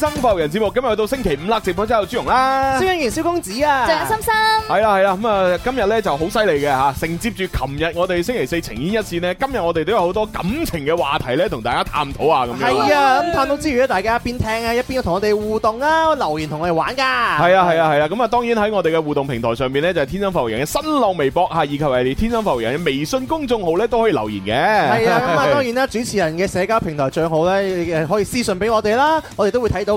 天生浮人節目，今日去到星期五啦！直播之後，朱容啦，蕭欣然、蕭公子啊，鄭心生，係啦，係啦，咁啊今日咧就好犀利嘅吓，承接住琴日我哋星期四情牽一線咧，今日我哋都有好多感情嘅話題咧，同大家探討下。咁。係啊，咁探討之餘咧，大家一邊聽啊，一邊同我哋互動啊，留言同我哋玩噶。係啊，係啊，係啊，咁啊當然喺我哋嘅互動平台上面呢，就係、是、天生浮人嘅新浪微博吓，以及係天生浮人嘅微信公眾號咧，都可以留言嘅。係啊，咁啊 當然啦，主持人嘅社交平台賬號咧，可以私信俾我哋啦，我哋都會睇到。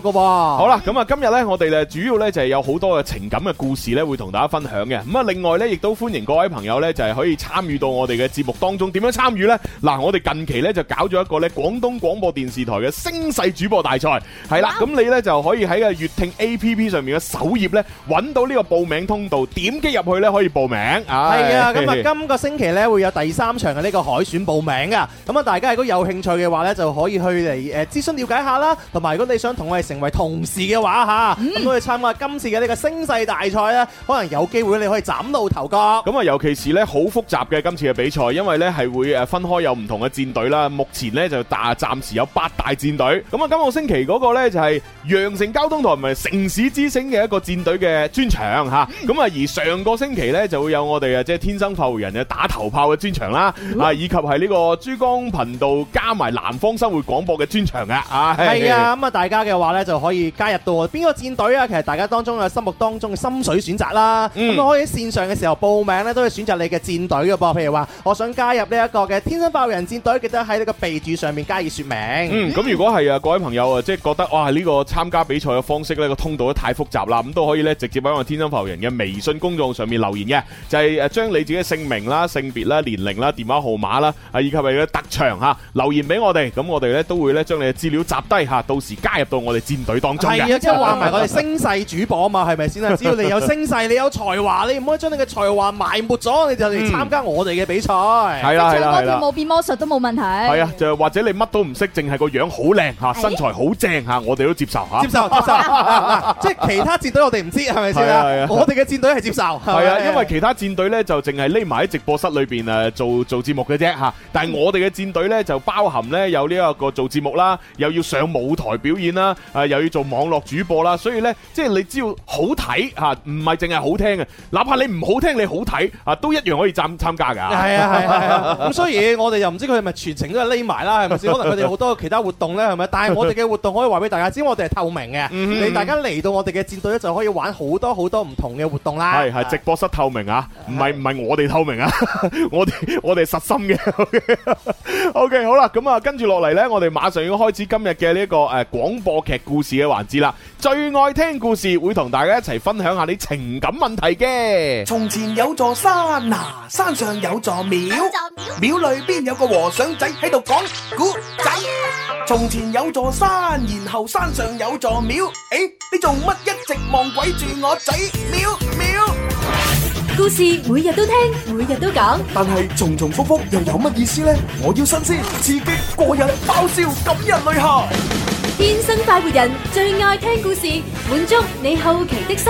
好啦，咁啊，今日呢，我哋咧主要呢，就係有好多嘅情感嘅故事呢，會同大家分享嘅。咁啊，另外呢，亦都歡迎各位朋友呢，就係可以參與到我哋嘅節目當中。點樣參與呢？嗱，我哋近期呢，就搞咗一個呢廣東廣播電視台嘅星勢主播大賽，係啦。咁你呢，就可以喺個粵聽 A P P 上面嘅首頁呢，揾到呢個報名通道，點擊入去呢，可以報名。係、哎、啊，咁啊，今個星期呢，會有第三場嘅呢個海選報名噶。咁啊，大家如果有興趣嘅話呢，就可以去嚟誒諮詢了解下啦。同埋，如果你想同我哋成為同事嘅話吓，咁可以參加今次嘅呢個聲勢大賽咧，可能有機會你可以嶄露頭角。咁、嗯、啊，尤其是呢，好複雜嘅今次嘅比賽，因為呢係會誒分開有唔同嘅戰隊啦。目前呢，就大暫時有八大戰隊。咁、嗯、啊，今個星期嗰個呢，就係羊城交通台同埋城市之聲嘅一個戰隊嘅專場吓。咁、嗯、啊、嗯，而上個星期呢，就會有我哋啊即係天生發回人嘅打頭炮嘅專場啦、哦，啊以及係呢個珠江頻道加埋南方生活廣播嘅專場嘅啊係啊。咁啊嘿嘿、嗯，大家嘅話。就可以加入到邊個戰隊啊！其實大家當中嘅心目當中嘅心水選擇啦，咁、嗯、啊可以喺線上嘅時候報名咧，都可以選擇你嘅戰隊嘅噃。譬如話，我想加入呢一個嘅天生發育人戰隊，記得喺你個備注上面加以說明。嗯，咁如果係啊，各位朋友啊，即、就、係、是、覺得哇呢、這個參加比賽嘅方式咧個通道咧太複雜啦，咁都可以咧直接喺我天生發育人嘅微信公眾號上面留言嘅，就係誒將你自己嘅姓名啦、性別啦、年齡啦、電話號碼啦啊以及係嘅特長吓留言俾我哋，咁我哋咧都會咧將你嘅資料集低吓，到時加入到我哋。戰隊當中係啊，即係話埋我哋聲勢主播啊嘛，係咪先啊？只要你有聲勢，你有才華，你唔可以將你嘅才華埋沒咗，你就嚟參加我哋嘅比賽。係、嗯、啦，係啦，係啦、啊，啊、變魔術都冇問題。係啊，啊，啊，啊，就是、或者你乜都唔識，淨係個樣好靚吓，身材好正吓，我哋都接受吓。接受接受，即 係、啊就是、其他戰隊我哋唔知係咪先啊？我哋嘅戰隊係接受。係啊，因為其他戰隊咧就淨係匿埋喺直播室裏邊誒做做節目嘅啫吓，但係我哋嘅戰隊咧就包含咧有呢一個做節目啦，又要上舞台表演啦。又要做網絡主播啦，所以呢，即係你看、啊、只要好睇嚇，唔係淨係好聽嘅，哪怕你唔好聽，你好睇啊，都一樣可以參參加㗎。係啊，係啊，係啊。咁 所以我哋又唔知佢係咪全程都係匿埋啦，係咪先？可能佢哋好多其他活動呢，係咪？但係我哋嘅活動可以話俾大家知，我哋係透明嘅、嗯。你大家嚟到我哋嘅戰隊咧，就可以玩好多好多唔同嘅活動啦。係係、啊啊、直播室透明啊，唔係唔係我哋透明啊， 我哋我哋實心嘅、okay。OK，好啦，咁啊，跟住落嚟呢，我哋馬上要開始今日嘅呢一個誒、啊、廣播劇。故事嘅環節啦，最愛聽故事，會同大家一齊分享下你情感問題嘅。從前有座山嗱，啊，山上有座廟，廟裏邊有個和尚仔喺度講古仔。從前有座山，然後山上有座廟。誒，欸，你做乜一直望鬼住我仔？廟廟，故事每日都聽，每日都講，但係重重複複又有乜意思呢？我要新鮮、刺激、過癮、爆笑、感人淚下。天生快活人，最愛聽故事，滿足你好奇的心。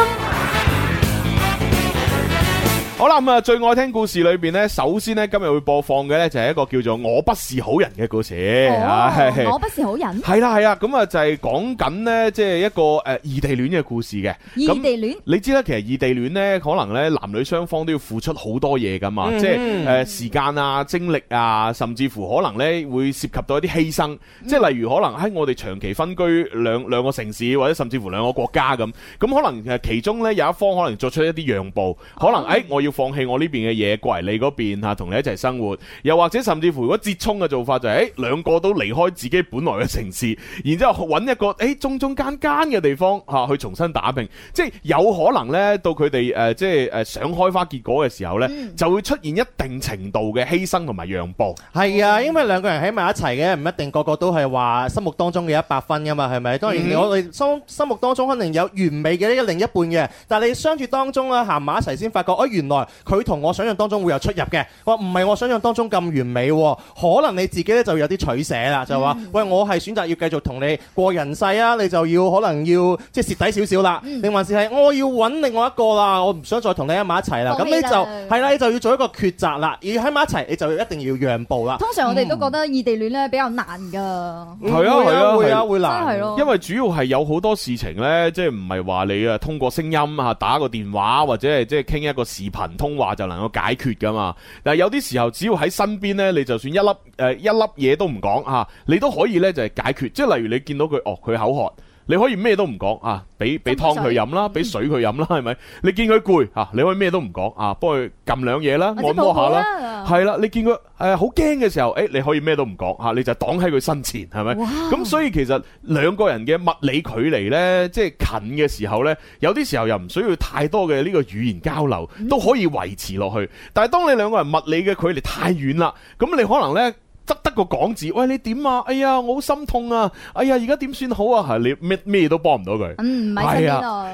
好啦，咁啊，最愛聽故事裏邊咧，首先咧，今日會播放嘅咧就係一個叫做《我不是好人》嘅故事啊、哦！我不是好人，係啦係啊，咁啊就係講緊咧，即係一個誒異地戀嘅故事嘅異地戀。你知啦，其實異地戀咧，可能咧男女雙方都要付出好多嘢噶嘛，嗯、即係誒時間啊、精力啊，甚至乎可能咧會涉及到一啲犧牲。即、嗯、係例如可能喺我哋長期分居兩兩個城市，或者甚至乎兩個國家咁，咁可能誒其中咧有一方可能作出一啲讓步，可能誒、嗯哎、我要。放棄我呢邊嘅嘢，過嚟你嗰邊吓，同、啊、你一齊生活，又或者甚至乎，如果折衷嘅做法就係、是，誒、哎，兩個都離開自己本來嘅城市，然之後揾一個誒、哎、中中間間嘅地方吓、啊，去重新打拼，即係有可能咧，到佢哋誒即係誒、呃、想開花結果嘅時候咧，就會出現一定程度嘅犧牲同埋讓步。係啊，因為兩個人喺埋一齊嘅，唔一定個個都係話心目當中嘅一百分噶嘛，係咪？當然我哋心心目當中肯定有完美嘅呢個另一半嘅，但係你相處當中啊行埋一齊先發覺，哦、哎、原來。佢同我想象當中會有出入嘅，話唔係我想象當中咁完美，可能你自己呢就有啲取捨啦，就話、嗯、喂，我係選擇要繼續同你過人世啊，你就要可能要即係蝕底少少啦。定、嗯、還是係我要揾另外一個啦，我唔想再同你喺埋一齊啦。咁你就係啦，你就要做一個抉擇啦。要喺埋一齊，你就一定要讓步啦。通常我哋都覺得異地戀呢比較難㗎，係啊係啊會啊，會，啊，會，啊，會，啊會難，因為主要係有好多事情呢，即係唔係話你啊通過聲音啊打個電話或者係即係傾一個視頻。文通話就能夠解決噶嘛，但係有啲時候，只要喺身邊呢，你就算一粒、呃、一粒嘢都唔講吓，啊、你都可以呢就係、是、解決。即係例如你見到佢，哦，佢口渴。你可以咩都唔講啊，俾俾湯佢飲啦，俾水佢飲啦，係咪？你見佢攰啊，你可以咩都唔講啊，幫佢撳兩嘢啦，按摩下啦，係啦。你見佢誒好驚嘅時候，誒、欸，你可以咩都唔講吓，你就擋喺佢身前，係咪？咁所以其實兩個人嘅物理距離呢，即係近嘅時候呢，有啲時候又唔需要太多嘅呢個語言交流、嗯、都可以維持落去。但係當你兩個人物理嘅距離太遠啦，咁你可能呢。執得個港字，喂你點啊？哎呀，我好心痛啊！哎呀，而家點算好啊？係你咩咩都幫唔到佢。嗯，唔係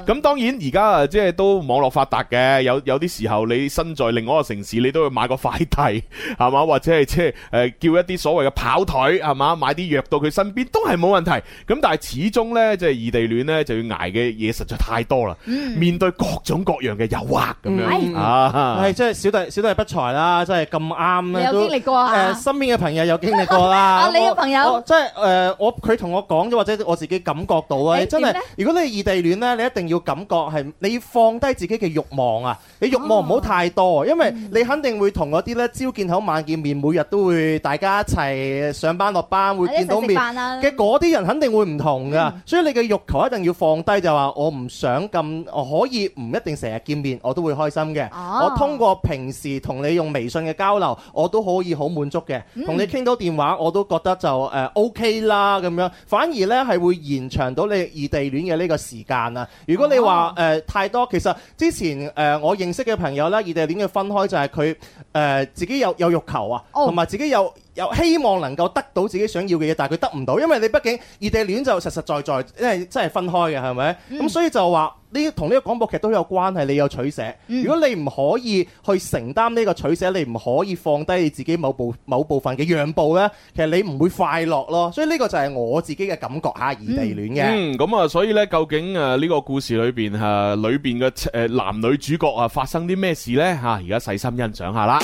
真咁當然而家即係都網絡發達嘅，有有啲時候你身在另外一個城市，你都會買個快遞係嘛，或者係即係、呃、叫一啲所謂嘅跑腿係嘛，買啲藥到佢身邊都係冇問題。咁但係始終呢，即、就、係、是、異地戀呢，就要捱嘅嘢實在太多啦、嗯。面對各種各樣嘅誘惑咁、嗯、樣、嗯、啊，係即係小弟小弟不才啦，真係咁啱咧有經歷過都誒、呃、身邊嘅朋友。有經歷過啦， 啊、你朋友，即係誒，我佢同、呃、我講，或者我自己感覺到啊，欸、你真係如果你係異地戀呢，你一定要感覺係，你要放低自己嘅慾望啊，你慾望唔好太多，哦、因為你肯定會同嗰啲咧朝見口晚見面，每日都會大家一齊上班落班會見到面嘅嗰啲人，肯定會唔同㗎，嗯、所以你嘅慾求一定要放低，就話我唔想咁，我可以唔一定成日見面，我都會開心嘅。哦、我通過平時同你用微信嘅交流，我都可以好滿足嘅，同、嗯、你。傾到電話我都覺得就誒、呃、OK 啦咁樣，反而呢，係會延長到你異地戀嘅呢個時間啊！如果你話誒、呃、太多，其實之前誒、呃、我認識嘅朋友咧，異地戀嘅分開就係佢誒自己有有欲求啊，同埋自己有。又希望能夠得到自己想要嘅嘢，但係佢得唔到，因為你畢竟異地戀就實實在在，因為真係分開嘅，係咪？咁、嗯、所以就話呢同呢個廣播劇都有關係，你有取捨。嗯、如果你唔可以去承擔呢個取捨，你唔可以放低你自己某部某部分嘅讓步呢，其實你唔會快樂咯。所以呢個就係我自己嘅感覺嚇，異地戀嘅、嗯。嗯，咁啊，所以呢，究竟誒呢個故事裏邊嚇裏邊嘅誒男女主角啊發生啲咩事呢？嚇？而家細心欣賞下啦。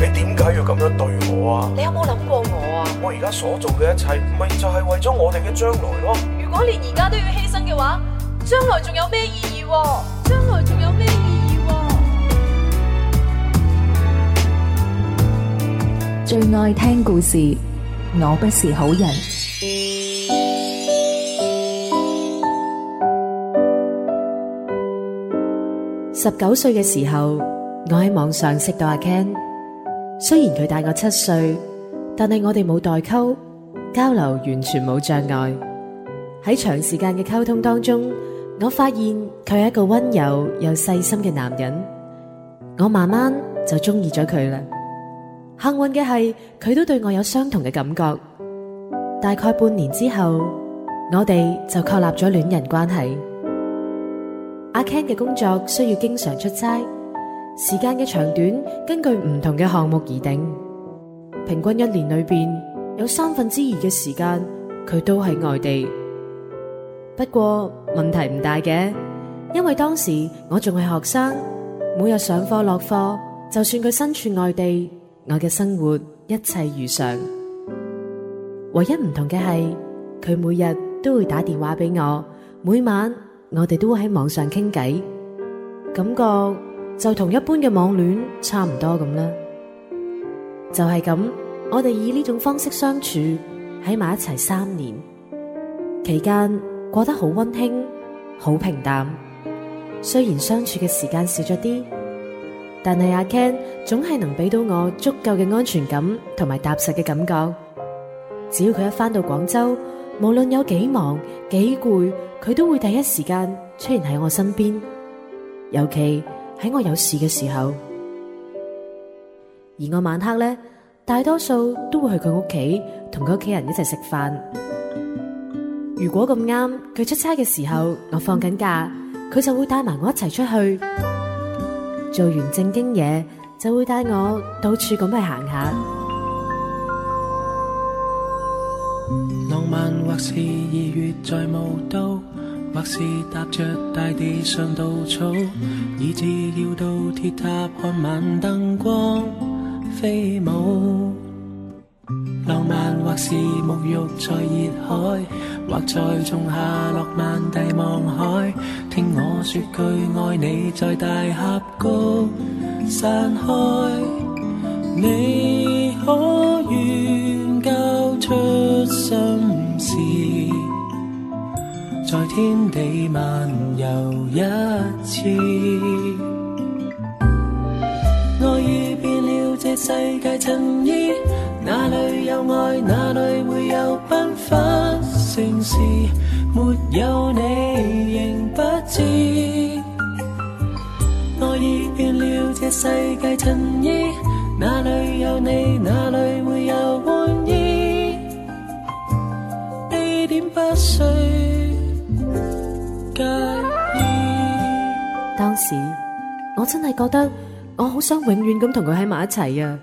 你點解要咁樣對我啊？你有冇諗過我啊？我而家所做嘅一切，咪就係為咗我哋嘅將來咯。如果連而家都要犧牲嘅話，將來仲有咩意義？將來仲有咩意義？最愛聽故事，我不是好人。十九歲嘅時候，我喺網上識到阿 Ken。雖然佢大我七歲，但係我哋冇代溝，交流完全冇障礙。喺長時間嘅溝通當中，我發現佢係一個温柔又細心嘅男人，我慢慢就中意咗佢啦。幸運嘅係，佢都對我有相同嘅感覺。大概半年之後，我哋就確立咗戀人關係。阿 Ken 嘅工作需要經常出差。時間嘅長短根據唔同嘅項目而定，平均一年裏邊有三分之二嘅時間佢都喺外地。不過問題唔大嘅，因為當時我仲係學生，每日上課落課，就算佢身處外地，我嘅生活一切如常。唯一唔同嘅係佢每日都會打電話俾我，每晚我哋都會喺網上傾偈，感覺。就同一般嘅網戀差唔多咁啦，就係咁，我哋以呢種方式相處喺埋一齊三年，期間過得好溫馨、好平淡。雖然相處嘅時間少咗啲，但係阿 Ken 總係能俾到我足夠嘅安全感同埋踏實嘅感覺。只要佢一翻到廣州，無論有幾忙幾攰，佢都會第一時間出現喺我身邊，尤其。喺我有事嘅時候，而我晚黑咧，大多數都會去佢屋企，同佢屋企人一齊食飯。如果咁啱佢出差嘅時候，我放緊假，佢就會帶埋我一齊出去，做完正經嘢，就會帶我到處咁去行下。浪漫或是二月在霧都。或是踏着大地上稻草，以至要到鐵塔看晚燈光飛舞。浪漫或是沐浴在熱海，或在仲夏落漫地望海，聽我說句愛你，在大峽谷散開。你可願交出心事？在天地漫遊一次，愛意變了這世界襯衣，哪裏有愛，哪裏會有繽紛盛事。沒有你，仍不知。愛意變了這世界襯衣，哪裏有你，哪裏會有歡意。地點不睡？當時我真係覺得我好想永遠咁同佢喺埋一齊啊！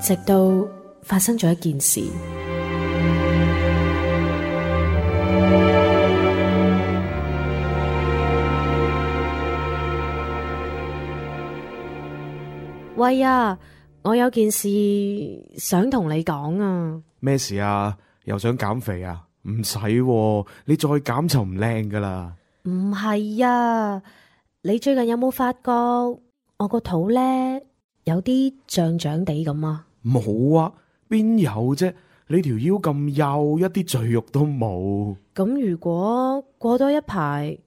直到發生咗一件事。喂啊！我有件事想同你講啊！咩事啊？又想減肥啊？唔使啊，你再減就唔靚噶啦！唔係啊！你最近有冇發覺我個肚呢有啲脹脹地咁啊？冇啊，邊有啫？你條腰咁幼，一啲贅肉都冇。咁如果過多一排，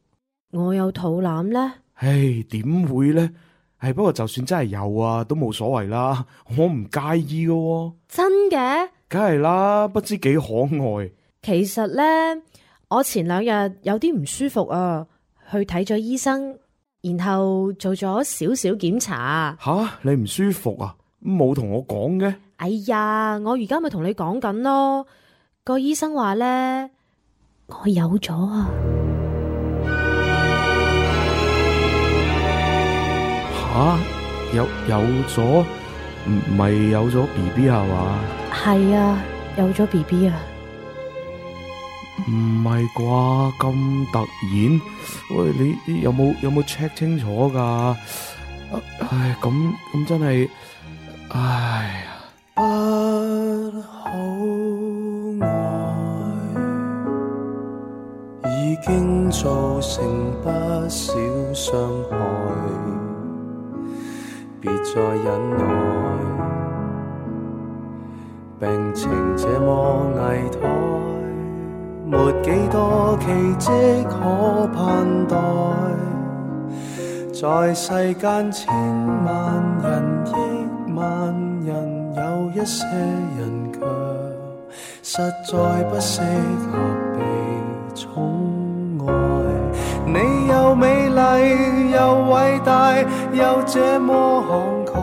我有肚腩呢？唉，點會呢？唉，不過就算真係有啊，都冇所謂啦，我唔介意噶喎、啊。真嘅？梗係啦，不知幾可愛。其實呢。我前兩日有啲唔舒服啊，去睇咗醫生，然後做咗少少檢查。吓、啊，你唔舒服啊？冇同我講嘅。哎呀，我而家咪同你講緊咯。個醫生話咧，我有咗啊。吓，有有咗？唔係有咗 B B 係嘛？係啊，有咗 B B 啊。唔係啩？咁突然，喂，你，你有冇有冇 check 清楚噶？唉，咁咁真係，唉呀！不好愛，已經造成不少傷害，別再忍耐，病情這麼危殆。沒幾多奇迹可盼待，在世間千萬人億萬人，有一些人卻實在不適合被寵愛。你又美麗又偉大又這麼慷慨，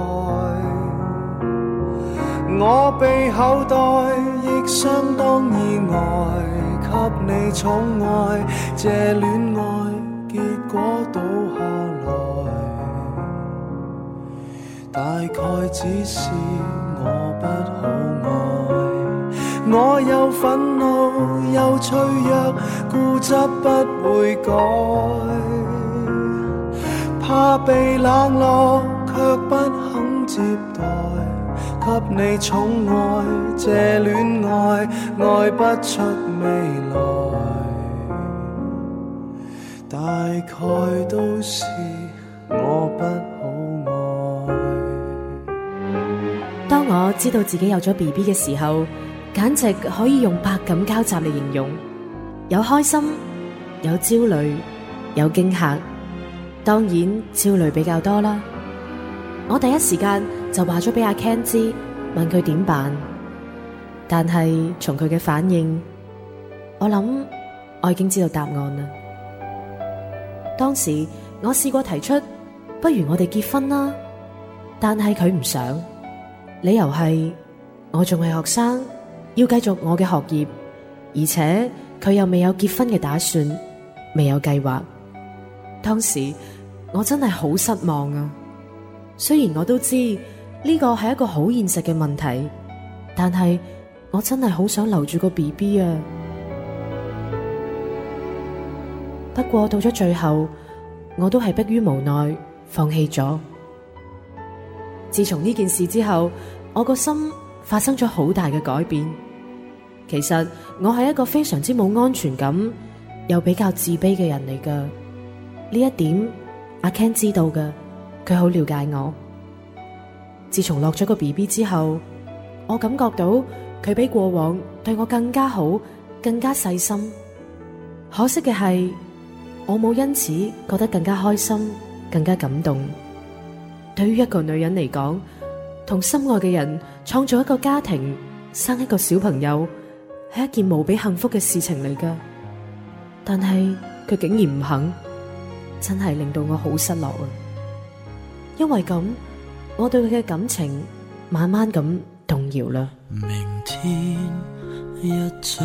我被厚待亦相當意外。給你寵愛，這戀愛結果倒下來，大概只是我不好愛。我又憤怒又脆弱，固執不會改，怕被冷落卻不肯接待。給你寵愛，這戀愛愛不出。大概都是我不好。愛。當我知道自己有咗 B B 嘅時候，簡直可以用百感交集嚟形容，有開心，有焦慮，有驚嚇，當然焦慮比較多啦。我第一時間就話咗俾阿 Ken 知，問佢點辦，但係從佢嘅反應。我諗我已經知道答案了。當時我試過提出，不如我哋結婚啦，但係佢唔想，理由係我仲係學生，要繼續我嘅學業，而且佢又未有結婚嘅打算，未有計劃。當時我真係好失望啊！雖然我都知呢個係一個好現實嘅問題，但係我真係好想留住個 BB 啊！不過到咗最後，我都係迫於無奈放棄咗。自從呢件事之後，我個心發生咗好大嘅改變。其實我係一個非常之冇安全感又比較自卑嘅人嚟㗎。呢一點阿 Ken 知道㗎，佢好了解我。自從落咗個 BB 之後，我感覺到佢比過往對我更加好，更加細心。可惜嘅係。我冇因此覺得更加開心，更加感動。對於一個女人嚟講，同心愛嘅人創造一個家庭，生一個小朋友，係一件無比幸福嘅事情嚟噶。但係佢竟然唔肯，真係令到我好失落啊！因為咁，我對佢嘅感情慢慢咁動搖啦。明天一早。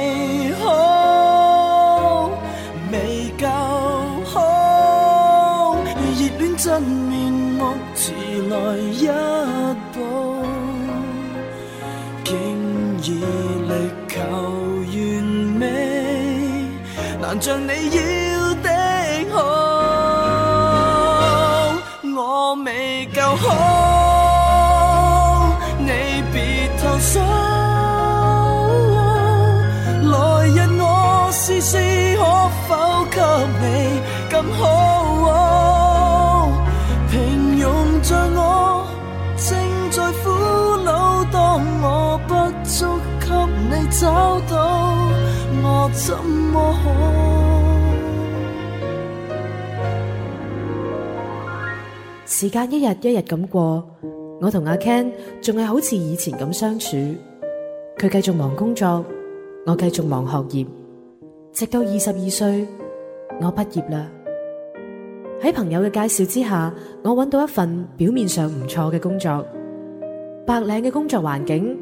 新面目遲來一步，竟已力求完美。時間一日一日咁過，我同阿 Ken 仲係好似以前咁相處。佢繼續忙工作，我繼續忙學業。直到二十二歲，我畢業了。喺朋友嘅介紹之下，我搵到一份表面上唔錯嘅工作，白領嘅工作環境，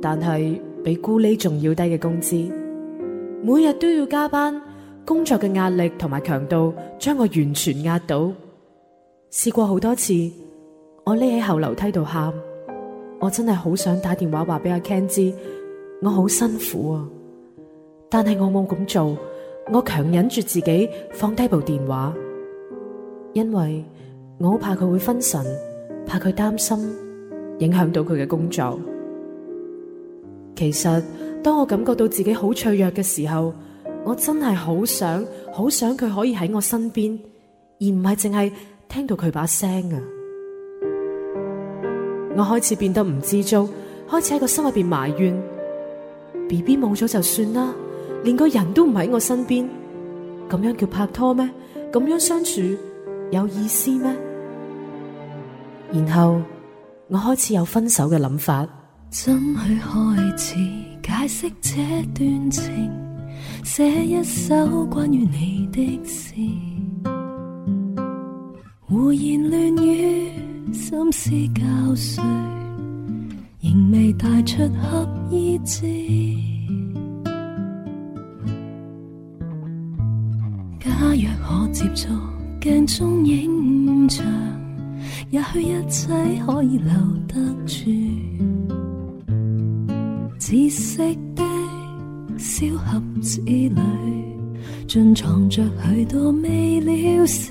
但係比咕喱仲要低嘅工資。每日都要加班，工作嘅壓力同埋強度將我完全壓倒。試過好多次，我匿喺後樓梯度喊。我真係好想打電話話俾阿 Ken 知，我好辛苦啊。但係我冇咁做，我強忍住自己放低部電話，因為我好怕佢會分神，怕佢擔心，影響到佢嘅工作。其實當我感覺到自己好脆弱嘅時候，我真係好想，好想佢可以喺我身邊，而唔係淨係。聽到佢把聲啊，我開始變得唔知足，開始喺個心入邊埋怨，B B 冇咗就算啦，連個人都唔喺我身邊，咁樣叫拍拖咩？咁樣相處有意思咩？然後我開始有分手嘅諗法。怎去開始解釋這段情？寫一首關於你的詩胡言亂語，心思攪碎，仍未帶出合意字。假若可接觸鏡中影像，也許一切可以留得住。紫色的小盒子裏，盡藏着許多未了事。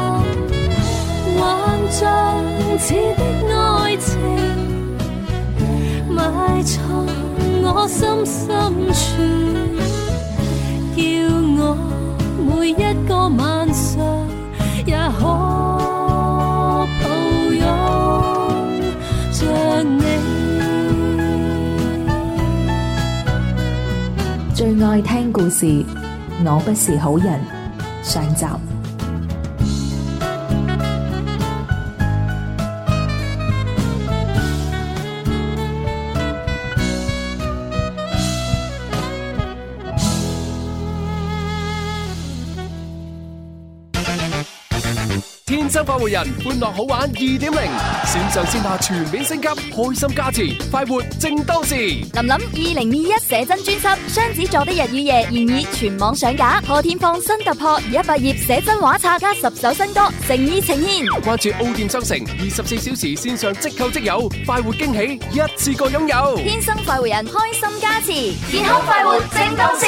像似的愛情埋藏我心深處，叫我每一個晚上也可抱擁着你。最愛聽故事，我不是好人上集。快活人，歡樂好玩二點零，綫上綫下全面升級，開心加持，快活正當時。林林二零二一寫真專輯《雙子座的日與夜》現已全網上架。賀天放新突破，一百頁寫真畫冊加十首新歌，誠意呈現。關注歐店商城，二十四小時線上即購即有，快活驚喜，一次過擁有。天生快活人，開心加持，健康快活正當時。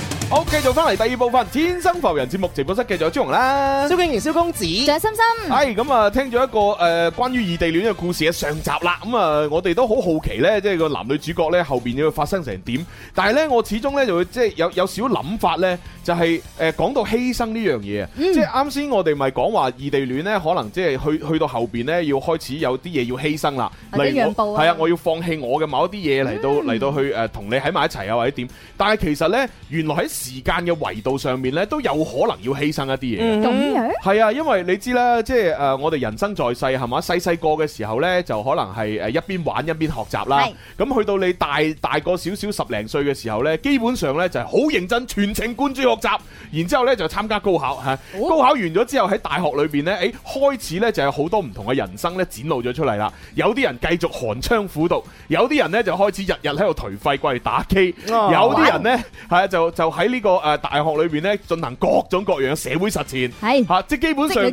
好，繼續翻嚟第二部分《天生浮人節目》節目直播室，繼續有朱龍啦，蕭敬堯、蕭公子，仲有心心。係咁啊，聽咗一個誒、呃、關於異地戀嘅故事嘅上集啦。咁、嗯、啊，我哋都好好奇咧，即、就、係、是、個男女主角咧後邊要發生成點？但係咧，我始終咧就會即係有有少少諗法咧，就係誒講到犧牲這、嗯、說說呢樣嘢。即係啱先我哋咪講話異地戀咧，可能即係去去到後邊咧，要開始有啲嘢要犧牲啦，例如係啊我，我要放棄我嘅某一啲嘢嚟到嚟、嗯、到去誒同、呃、你喺埋一齊啊，或者點？但係其實咧，原來喺時間嘅維度上面咧，都有可能要犧牲一啲嘢。咁係啊，因為你知啦，即係我哋人生在世係嘛，細細個嘅時候呢，就可能係一邊玩一邊學習啦。咁去到你大大個少少十零歲嘅時候呢，基本上呢，就好認真，全程關注學習。然之後呢，就參加高考、哦、高考完咗之後喺大學裏面呢，誒開始呢，就有好多唔同嘅人生呢展露咗出嚟啦。有啲人繼續寒窗苦讀，有啲人，、哦、人呢，就開始日日喺度頹廢，掛住打機。有啲人呢，就就喺。呢、這個誒大學裏邊咧，進行各種各樣社會實踐，係吓即基本上，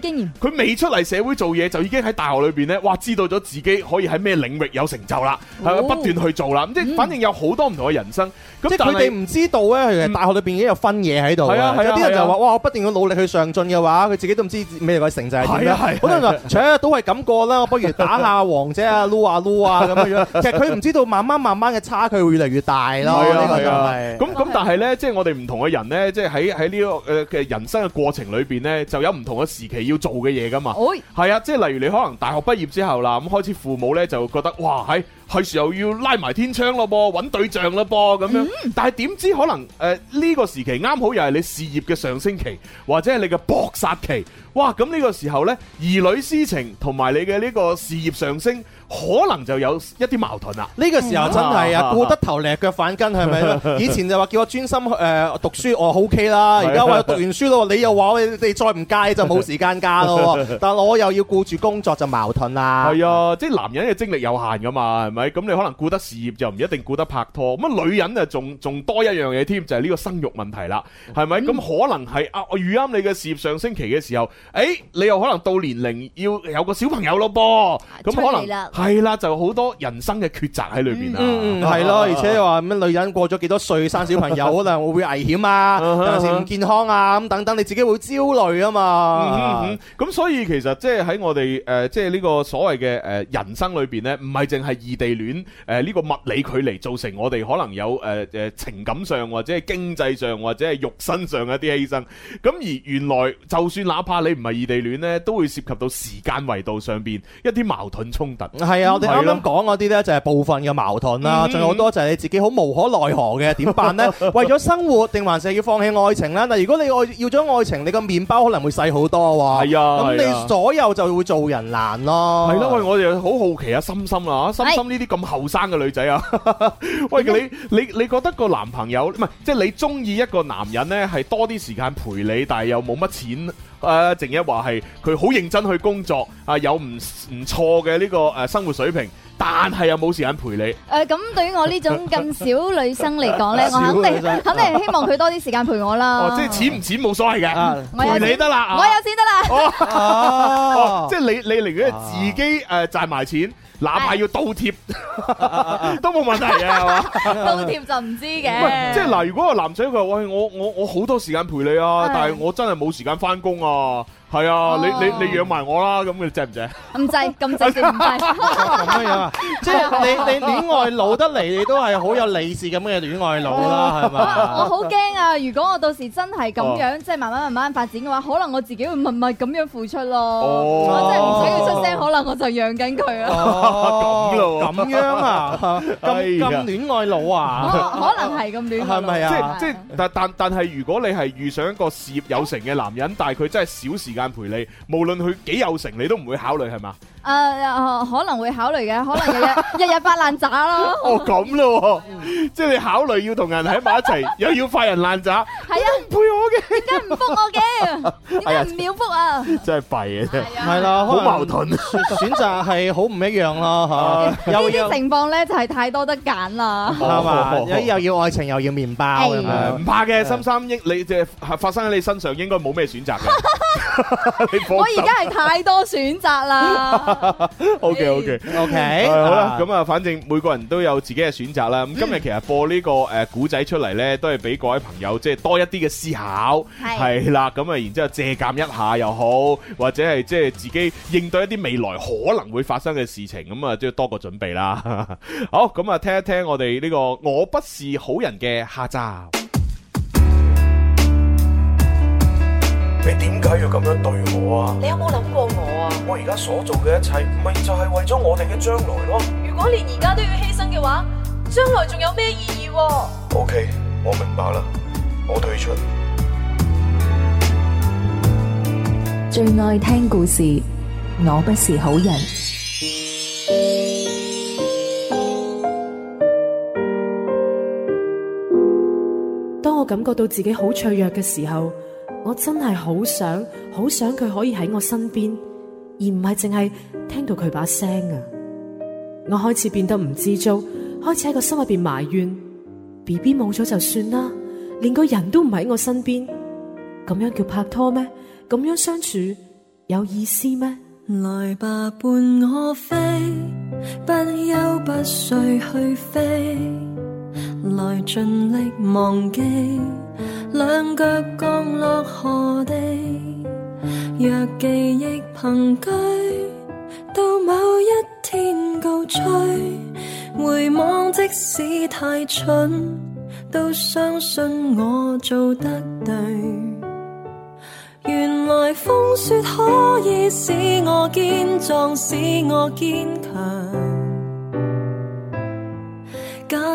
佢未出嚟社會做嘢，就已經喺大學裏邊呢。哇，知道咗自己可以喺咩領域有成就啦，係、哦、不斷去做啦。即反正有好多唔同嘅人生。嗯即係佢哋唔知道咧、嗯，其實大學裏邊已經有分嘢喺度。係啊係啊，啲、啊、人就話、啊啊、哇，我不斷要努力去上進嘅話，佢自己都唔知未來嘅成、啊啊啊、就係點。係好多人話，誒、啊、都係咁過啦，我不如打下王者 啊，擼啊擼啊咁樣。其實佢唔知道，慢慢慢慢嘅差距會越嚟越大咯。係啊係啊。咁咁、啊，啊啊啊、但係咧，即、就、係、是、我哋唔同嘅人咧，即係喺喺呢個誒嘅人生嘅過程裏邊咧，就有唔同嘅時期要做嘅嘢噶嘛。係、哎、啊，即、就、係、是、例如你可能大學畢業之後啦，咁開始父母咧就覺得哇喺。係時候要拉埋天窗咯噃，揾對象咯噃咁樣，但係點知可能誒呢、呃這個時期啱好又係你事業嘅上升期，或者係你嘅搏殺期，哇！咁呢個時候呢，兒女私情同埋你嘅呢個事業上升，可能就有一啲矛盾啦。呢、這個時候真係啊，顧得頭嚟腳反筋係咪？ 以前就話叫我專心誒、呃、讀書，我 OK 啦。而家話我讀完書咯，你又話我你再唔加就冇時間加咯。 但我又要顧住工作就矛盾啦。係 啊，即係男人嘅精力有限噶嘛。咁你可能顧得事業就唔一定顧得拍拖，咁女人啊仲仲多一樣嘢添就係、是、呢個生育問題啦，係咪？咁、嗯、可能係啊，我預啱你嘅事業上升期嘅時候，誒、欸，你又可能到年齡要有個小朋友咯噃，咁可能係啦，就好多人生嘅抉擇喺裏邊、嗯、啊，係咯，而且話話女人過咗幾多歲生小朋友可能 會，會危險啊，有時唔健康啊，咁、啊、等等你自己會焦慮啊嘛，咁、嗯啊嗯、所以其實即係喺我哋誒即係呢個所謂嘅誒人生裏邊咧，唔係淨係異地。地戀誒，呢、這個物理距離造成我哋可能有誒誒、呃、情感上或者係經濟上或者係肉身上一啲犧牲。咁而原來就算哪怕你唔係異地戀呢，都會涉及到時間維度上邊一啲矛盾衝突。係啊，我哋啱啱講嗰啲呢，就係部分嘅矛盾啦，仲、啊、有好多就係你自己好無可奈何嘅，點、嗯、辦呢？ 為咗生活定還是要放棄愛情咧？但如果你愛要咗愛情，你個麵包可能會細好多喎。係啊，咁你左右就會做人難咯。係、啊啊嗯、咯，喂、啊，我哋好好奇啊，心心啊，深深呢、哎？啲咁後生嘅女仔啊， 喂，你你，你覺得個男朋友唔係即係你中意一個男人呢，係多啲時間陪你，但係又冇乜錢啊？淨係話係佢好認真去工作啊，有唔唔錯嘅呢個誒生活水平，但係又冇時間陪你。誒、呃，咁對於我呢種咁少女生嚟講呢， 我肯定肯定係希望佢多啲時間陪我啦。即、哦、係、就是、錢唔錢冇所謂嘅，我、啊、陪你得啦，我有錢得啦、啊啊 哦啊哦啊。即係你你寧願自己誒賺埋錢。哪怕要倒貼 都冇問題嘅，係嘛？倒貼就唔知嘅。即係嗱，如果個男仔佢話：喂，我我我好多時間陪你啊，但係我真係冇時間返工啊。係啊，你你你養埋我啦，咁你制唔制？唔制，咁制唔制？咁樣啊，即係你你戀愛腦得嚟，你都係好有理智咁嘅戀愛腦啦，係嘛？我好驚啊！如果我到時真係咁樣，即係慢慢慢慢發展嘅話，可能我自己會默默咁樣付出咯。我真係唔使佢出聲，可能我就養緊佢啊。咁咯，咁樣啊？咁咁戀愛腦啊？可能係咁戀，係咪啊？即係即係，但但但係，如果你係遇上一個事業有成嘅男人，但係佢真係小事。間陪你，無論佢幾有誠意，你都唔會考慮係嘛？是誒、呃，可能會考慮嘅，可能日日日日發爛渣咯。哦，咁咯、啊，嗯、即係你考慮要同人喺埋一齊， 又要發人爛渣。係啊，唔配我嘅，點解唔覆我嘅？點解唔秒覆啊？真係弊嘅啫，係啦、啊，好矛盾，選擇係好唔一樣咯、嗯啊，有啲情況咧就係太多得揀啦。係嘛，有啲又要愛情又要麵包，唔、啊嗯、怕嘅，心深你即係發生喺你身上，應該冇咩選擇嘅。我而家係太多選擇啦。O K O K O K，好啦，咁啊，反正每個人都有自己嘅選擇啦。咁今日其實播呢個誒古仔出嚟呢，都係俾各位朋友即係多一啲嘅思考，係啦。咁啊，然之後借鑒一下又好，或者係即係自己應對一啲未來可能會發生嘅事情，咁啊，即係多個準備啦。好，咁啊，聽一聽我哋呢個我不是好人嘅下集。你點解要咁樣對我啊？你有冇諗過我啊？我而家所做嘅一切，咪就係為咗我哋嘅將來咯。如果連而家都要犧牲嘅話，將來仲有咩意義啊？OK，我明白啦，我退出。最愛聽故事，我不是好人。當我感覺到自己好脆弱嘅時候。我真係好想，好想佢可以喺我身邊，而唔係淨係聽到佢把聲啊！我開始變得唔知足，開始喺個心入邊埋怨，B B 冇咗就算啦，連個人都唔喺我身邊，咁樣叫拍拖咩？咁樣相處有意思咩？來吧，伴我飛，不憂不睡去飛，來盡力忘記。兩腳降落何地？若記憶憑據，到某一天告吹，回望即使太蠢，都相信我做得對。原來風雪可以使我堅壯，使我堅強。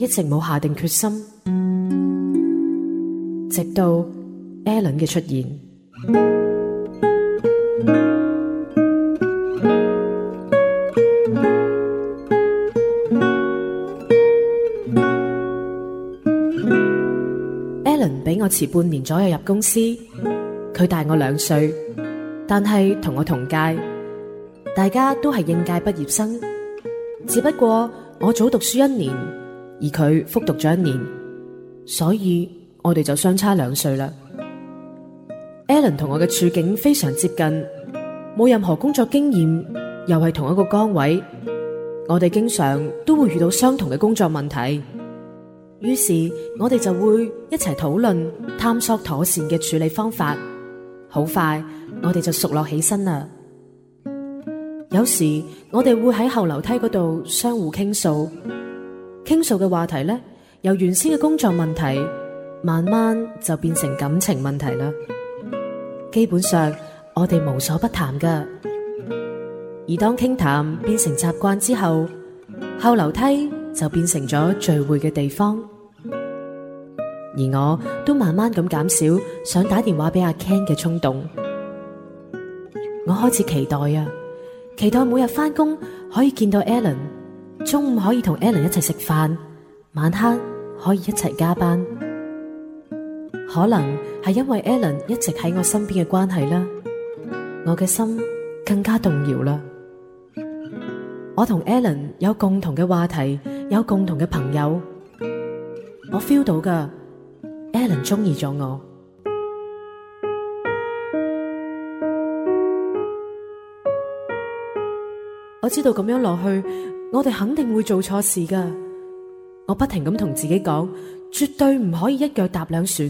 一直冇下定決心，直到 Alan 嘅出現。Alan 比我遲半年左右入公司，佢大我兩歲，但係同我同屆，大家都係應屆畢業生，只不過我早讀書一年。而佢復讀咗一年，所以我哋就相差兩歲啦。Alan 同我嘅處境非常接近，冇任何工作經驗，又係同一個崗位，我哋經常都會遇到相同嘅工作問題。於是我哋就會一齊討論、探索妥善嘅處理方法。好快，我哋就熟絡起身啦。有時我哋會喺後樓梯嗰度相互傾訴。傾訴嘅話題咧，由原先嘅工作問題，慢慢就變成感情問題啦。基本上，我哋無所不談噶。而當傾談，談變成習慣之後，後樓梯就變成咗聚會嘅地方。而我都慢慢咁減少想打電話俾阿 Ken 嘅衝動。我開始期待啊，期待每日返工可以見到 Allen。中午可以同 Alan 一齊食飯，晚黑可以一齊加班。可能係因為 Alan 一直喺我身邊嘅關係啦，我嘅心更加動搖啦。我同 Alan 有共同嘅話題，有共同嘅朋友，我 feel 到噶 Alan 中意咗我。我知道咁樣落去。我哋肯定會做錯事噶，我不停咁同自己講，絕對唔可以一腳踏兩船。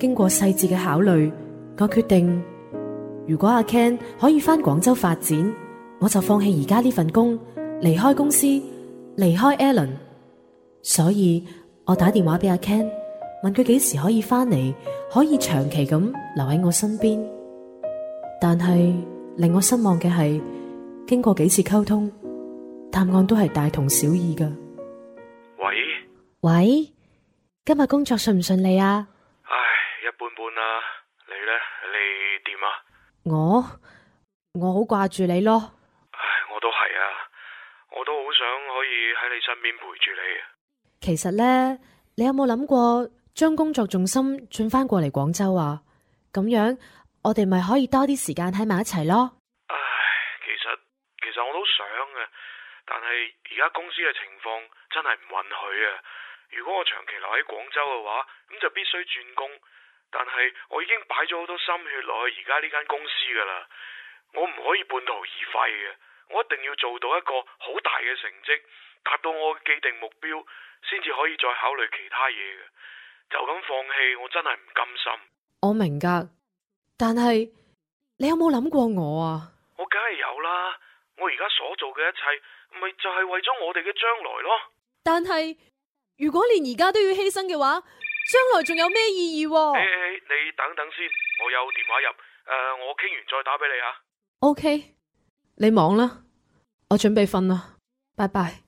經過細緻嘅考慮，我決定如果阿 Ken 可以翻廣州發展，我就放棄而家呢份工，離開公司，離開 Allen。所以我打電話俾阿 Ken，問佢幾時可以翻嚟，可以長期咁留喺我身邊。但係令我失望嘅係。經過幾次溝通，答案都係大同小異㗎。喂喂，今日工作順唔順利啊？唉，一般般啦。你呢，你點啊？我我好掛住你咯。唉，我都係啊，我都好想可以喺你身邊陪住你啊。其實呢，你有冇諗過將工作重心轉翻過嚟廣州啊？咁樣我哋咪可以多啲時間喺埋一齊咯。而家公司嘅情況真係唔允許啊！如果我長期留喺廣州嘅話，咁就必須轉工。但係我已經擺咗好多心血落去而家呢間公司噶啦，我唔可以半途而廢嘅。我一定要做到一個好大嘅成績，達到我嘅既定目標，先至可以再考慮其他嘢嘅。就咁放棄，我真係唔甘心。我明噶，但係你有冇諗過我啊？我梗係有啦，我而家所做嘅一切。咪就係為咗我哋嘅將來咯。但係如果連而家都要犧牲嘅話，將來仲有咩意義？誒，hey, hey，你等等先，我有電話入。誒，呃，我傾完再打俾你啊。OK，你忙啦，我準備瞓啦，拜拜。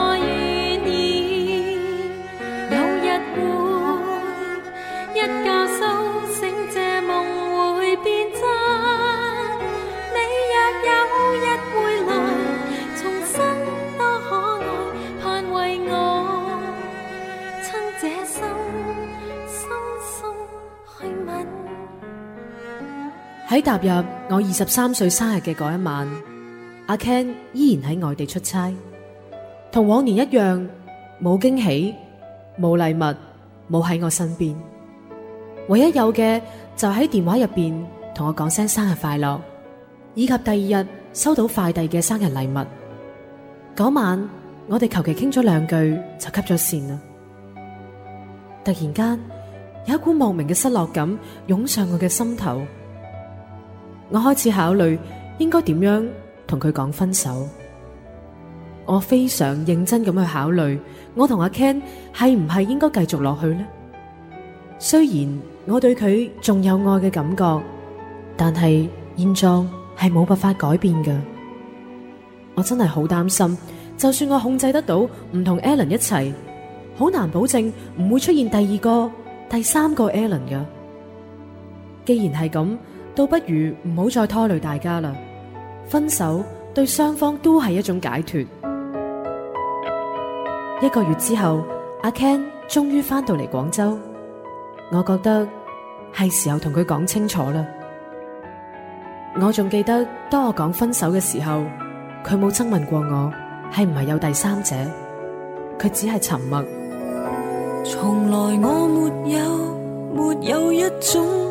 喺踏入我二十三歲生日嘅嗰一晚，阿 Ken 依然喺外地出差，同往年一樣，冇驚喜、冇禮物、冇喺我身邊。唯一有嘅就喺電話入邊同我講聲生日快樂，以及第二日收到快遞嘅生日禮物。嗰晚我哋求其傾咗兩句就 cut 咗線啦。突然間有一股莫名嘅失落感湧上我嘅心頭。我開始考慮應該點樣同佢講分手。我非常認真咁去考慮，我同阿 Ken 係唔係應該繼續落去呢？雖然我對佢仲有愛嘅感覺，但係現狀係冇辦法改變噶。我真係好擔心，就算我控制得到唔同 Alan 一齊，好難保證唔會出現第二個、第三個 Alan 噶。既然係咁。倒不如唔好再拖累大家啦。分手對雙方都係一種解脫。一個月之後，阿 Ken 終於翻到嚟廣州，我覺得係時候同佢講清楚啦。我仲記得當我講分手嘅時候，佢冇質問過我係唔係有第三者，佢只係沉默。從來我沒有，沒有一種。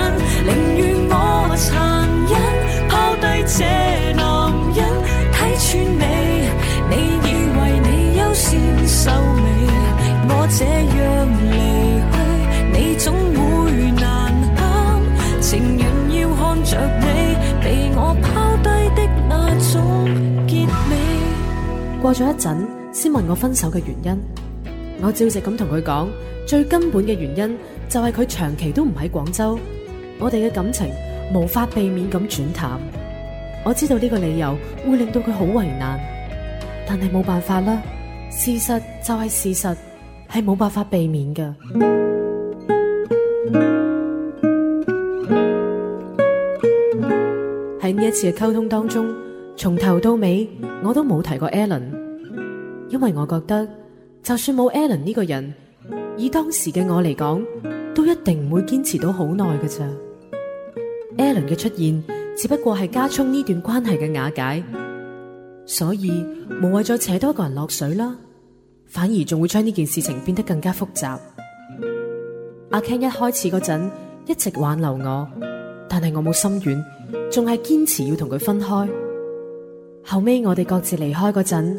這男人睇穿你，你以為你優先受美？我這樣離去，你總會難堪。情願要看着你被我拋低的那種結尾。過咗一陣，先問我分手嘅原因。我照直咁同佢講，最根本嘅原因就係佢長期都唔喺廣州，我哋嘅感情無法避免咁轉淡。我知道呢個理由會令到佢好為難，但係冇辦法啦。事實就係事實，係冇辦法避免㗎。喺呢一次嘅溝通當中，從頭到尾我都冇提過 Allen，因為我覺得就算冇 Allen 呢個人，以當時嘅我嚟講，都一定唔會堅持到好耐嘅咋。Allen 嘅出現。只不過係加速呢段關係嘅瓦解，所以無謂再扯多個人落水啦，反而仲會將呢件事情變得更加複雜。阿 Ken 一開始嗰陣一直挽留我，但係我冇心軟，仲係堅持要同佢分開。後尾我哋各自離開嗰陣，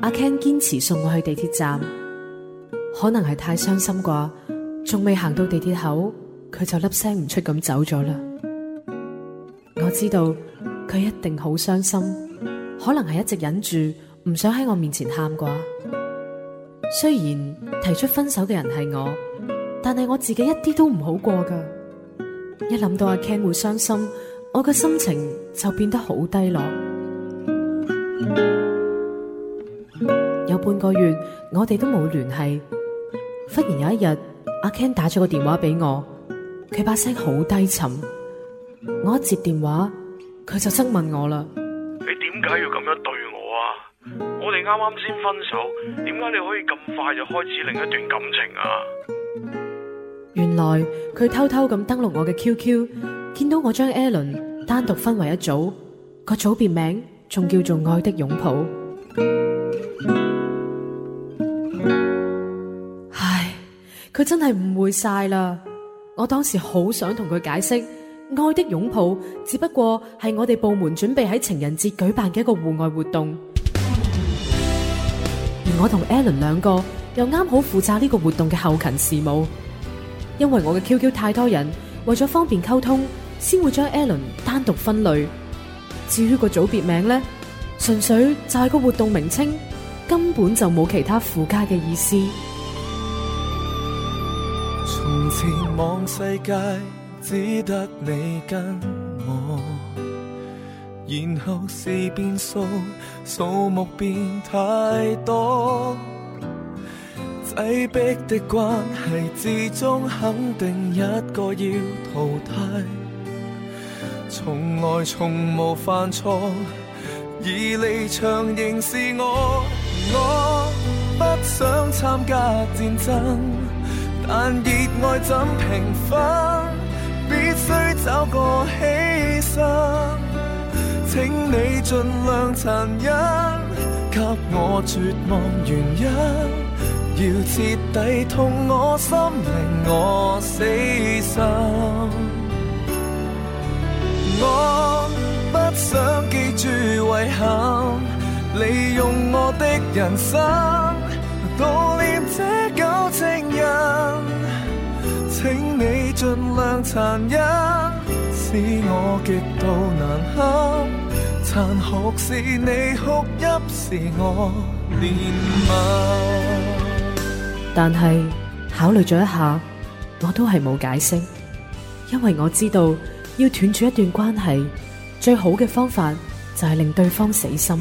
阿 Ken 堅持送我去地鐵站，可能係太傷心啩，仲未行到地鐵口，佢就粒聲唔出咁走咗啦。我知道佢一定好傷心，可能係一直忍住唔想喺我面前喊啩。雖然提出分手嘅人係我，但係我自己一啲都唔好過㗎。一諗到阿 Ken 會傷心，我嘅心情就變得好低落。有半個月我哋都冇聯繫，忽然有一日阿 Ken 打咗個電話俾我，佢把聲好低沉。我一接電話，佢就質問我啦：你點解要咁樣對我啊？我哋啱啱先分手，點解你可以咁快就開始另一段感情啊？原來佢偷偷咁登錄我嘅 QQ，見到我將 Alan 單獨分為一組，個組別名仲叫做愛的擁抱。唉，佢真係誤會晒啦！我當時好想同佢解釋。愛的擁抱只不過係我哋部門準備喺情人節舉辦嘅一個戶外活動，而我同 Alan 兩個又啱好負責呢個活動嘅後勤事務。因為我嘅 QQ 太多人，為咗方便溝通，先會將 Alan 單獨分類。至於個組別名呢，純粹就係個活動名稱，根本就冇其他附加嘅意思。從前望世界。只得你跟我，然後是變數，數目變太多。擠迫的關係，始終肯定一個要淘汰。從來從無犯錯，而離場仍是我。我不想參加戰爭，但熱愛怎平分？必須找個犧牲，請你盡量殘忍，給我絕望原因，要徹底痛我心，令我死心。我不想記住遺憾，利用我的人生，悼念。但係考慮咗一下，我都係冇解釋，因為我知道要斷絕一段關係，最好嘅方法就係令對方死心，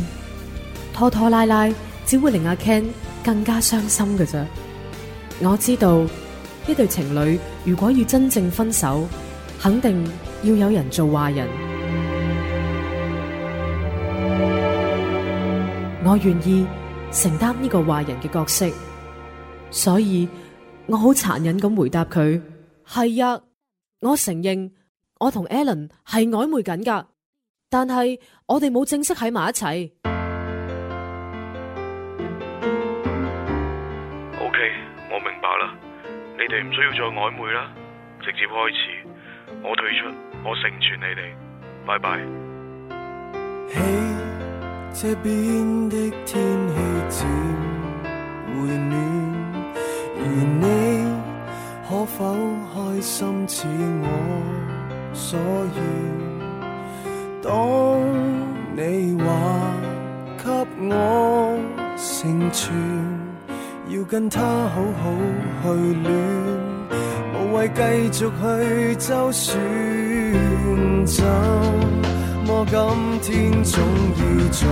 拖拖拉拉只會令阿 Ken 更加傷心㗎啫。我知道。呢對情侶如果要真正分手，肯定要有人做壞人。我願意承擔呢個壞人嘅角色，所以我好殘忍咁回答佢：係啊，我承認我同 Alan 係曖昧緊噶，但係我哋冇正式喺埋一齊。你哋唔需要再曖昧啦，直接開始。我退出，我成全你哋。拜拜。喺呢邊嘅天氣漸回暖，而你可否開心似我所願，當你話畀我成全要跟他好好去戀，無謂繼續去周旋，怎麼今天總要再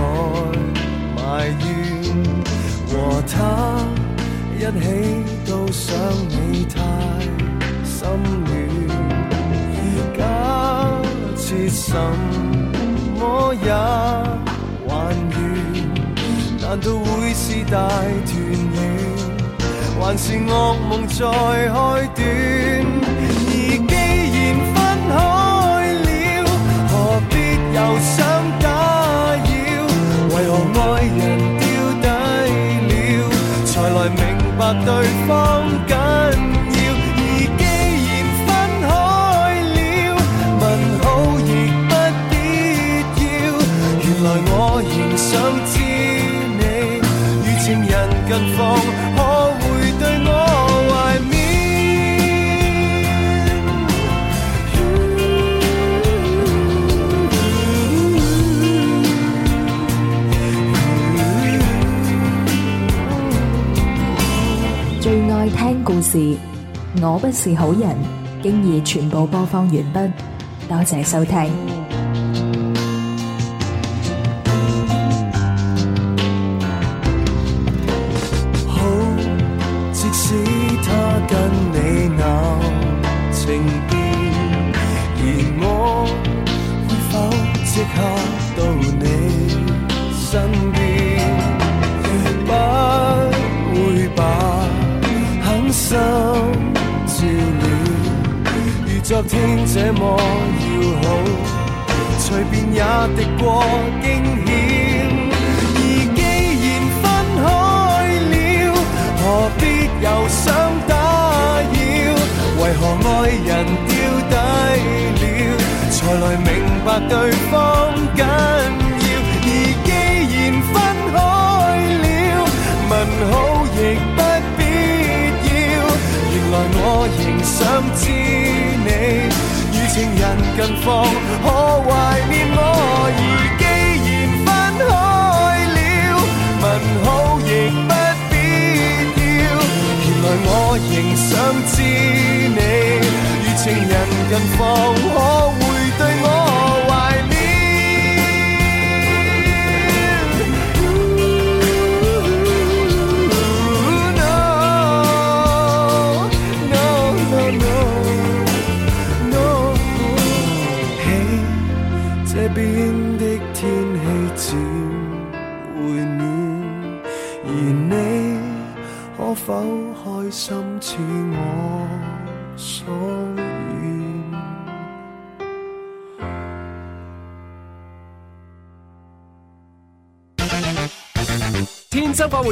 埋怨？和他一起都想你太心軟，假設什麼也還原。難道會是大團圓，還是惡夢再開端？而既然分開了，何必又想？我不是好人，經已全部播放完畢，多謝收聽。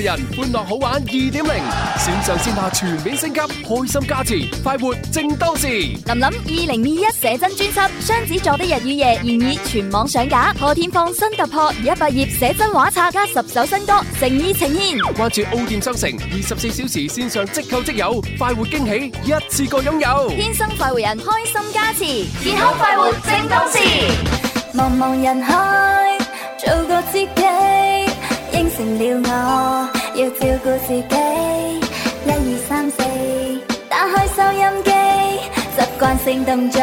人歡樂好玩二點零，線上線下全面升級，開心加持，快活正當時。林林二零二一寫真專輯《雙子座的日與夜》現已全網上架，破天荒新突破一百頁寫真畫冊加十首新歌，誠意呈現。關注歐店商城，二十四小時線上即購即有，快活驚喜，一次過擁有。天生快活人，開心加持，健康快活正當時。茫茫人海，做個自己。成了，我要照顧自己。一二三四，打開收音機，習慣性動作。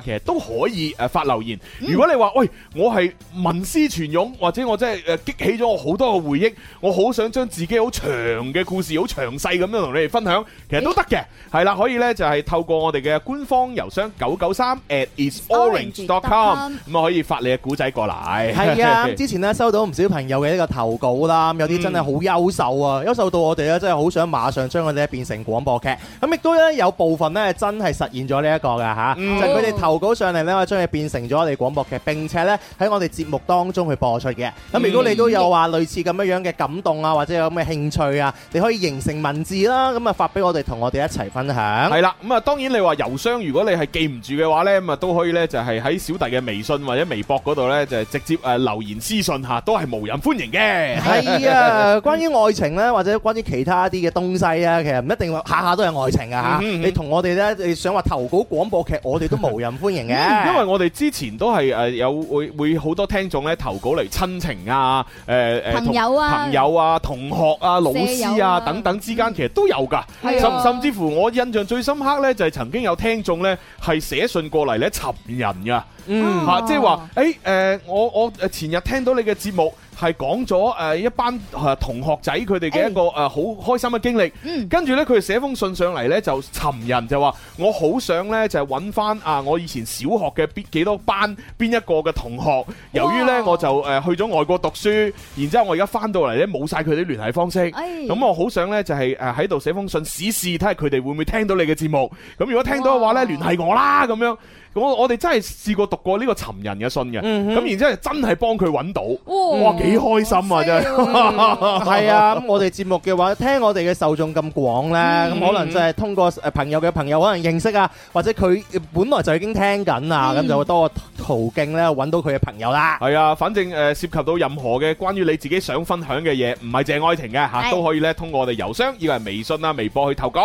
其實都可以誒發留言。如果你話喂，我係文思泉湧，或者我真係誒激起咗我好多嘅回憶，我好想將自己好長嘅故事好詳細咁樣同你哋分享，其實都得嘅。係啦，可以呢就係透過我哋嘅官方郵箱九九三 atisorange.com，咁啊可以發你嘅古仔過嚟。係啊，之前呢收到唔少朋友嘅一個投稿啦，有啲真係好優秀啊、嗯，優秀到我哋咧真係好想馬上將佢哋變成廣播劇。咁亦都有部分呢真係實現咗呢一個嘅吓，就係投稿上嚟呢，我將佢變成咗我哋廣播劇，並且呢，喺我哋節目當中去播出嘅。咁如果你都有話類似咁樣嘅感動啊，或者有咩興趣啊，你可以形成文字啦，啊，咁啊發俾我哋，同我哋一齊分享。係啦，咁啊當然你話郵箱，如果你係記唔住嘅話呢，咁啊都可以呢，就係喺小弟嘅微信或者微博嗰度呢，就直接留言私信吓，都係無人歡迎嘅。係 啊，關於愛情呢，或者關於其他一啲嘅東西啊，其實唔一定話下下都係愛情啊。你同我哋呢，你想話投稿廣播劇，我哋都無 任歡迎嘅、嗯，因為我哋之前都係誒有會會好多聽眾咧投稿嚟親情啊，誒、呃、誒朋友啊，同，朋友啊同學啊老師啊，啊等等之間其實都有㗎、嗯嗯，甚甚至乎我印象最深刻咧就係、是、曾經有聽眾咧係寫信過嚟咧尋人㗎，嚇、嗯啊、即係話誒誒我我誒前日聽到你嘅節目。係講咗誒一班誒同學仔佢哋嘅一個誒好開心嘅經歷，欸，跟住呢，佢寫封信上嚟呢，就尋人就話我好想呢，就係揾翻啊我以前小學嘅邊幾多班邊一個嘅同學，由於呢，我就誒去咗外國讀書，然之後我而家翻到嚟呢，冇晒佢哋聯繫方式，咁、欸、我好想呢，就係誒喺度寫封信試試睇下佢哋會唔會聽到你嘅節目，咁如果聽到嘅話呢，聯繫我啦咁樣。咁我我哋真係試過讀過呢個尋人嘅信嘅，咁然之後真係幫佢揾到，哇幾開心啊真係，係啊，咁我哋節目嘅話，聽我哋嘅受眾咁廣咧，咁可能就係通過誒朋友嘅朋友可能認識啊，或者佢本來就已經聽緊啊，咁就會多個途徑咧揾到佢嘅朋友啦。係啊，反正誒涉及到任何嘅關於你自己想分享嘅嘢，唔係淨係愛情嘅吓，都可以咧通過我哋郵箱，以為係微信啊、微博去投稿。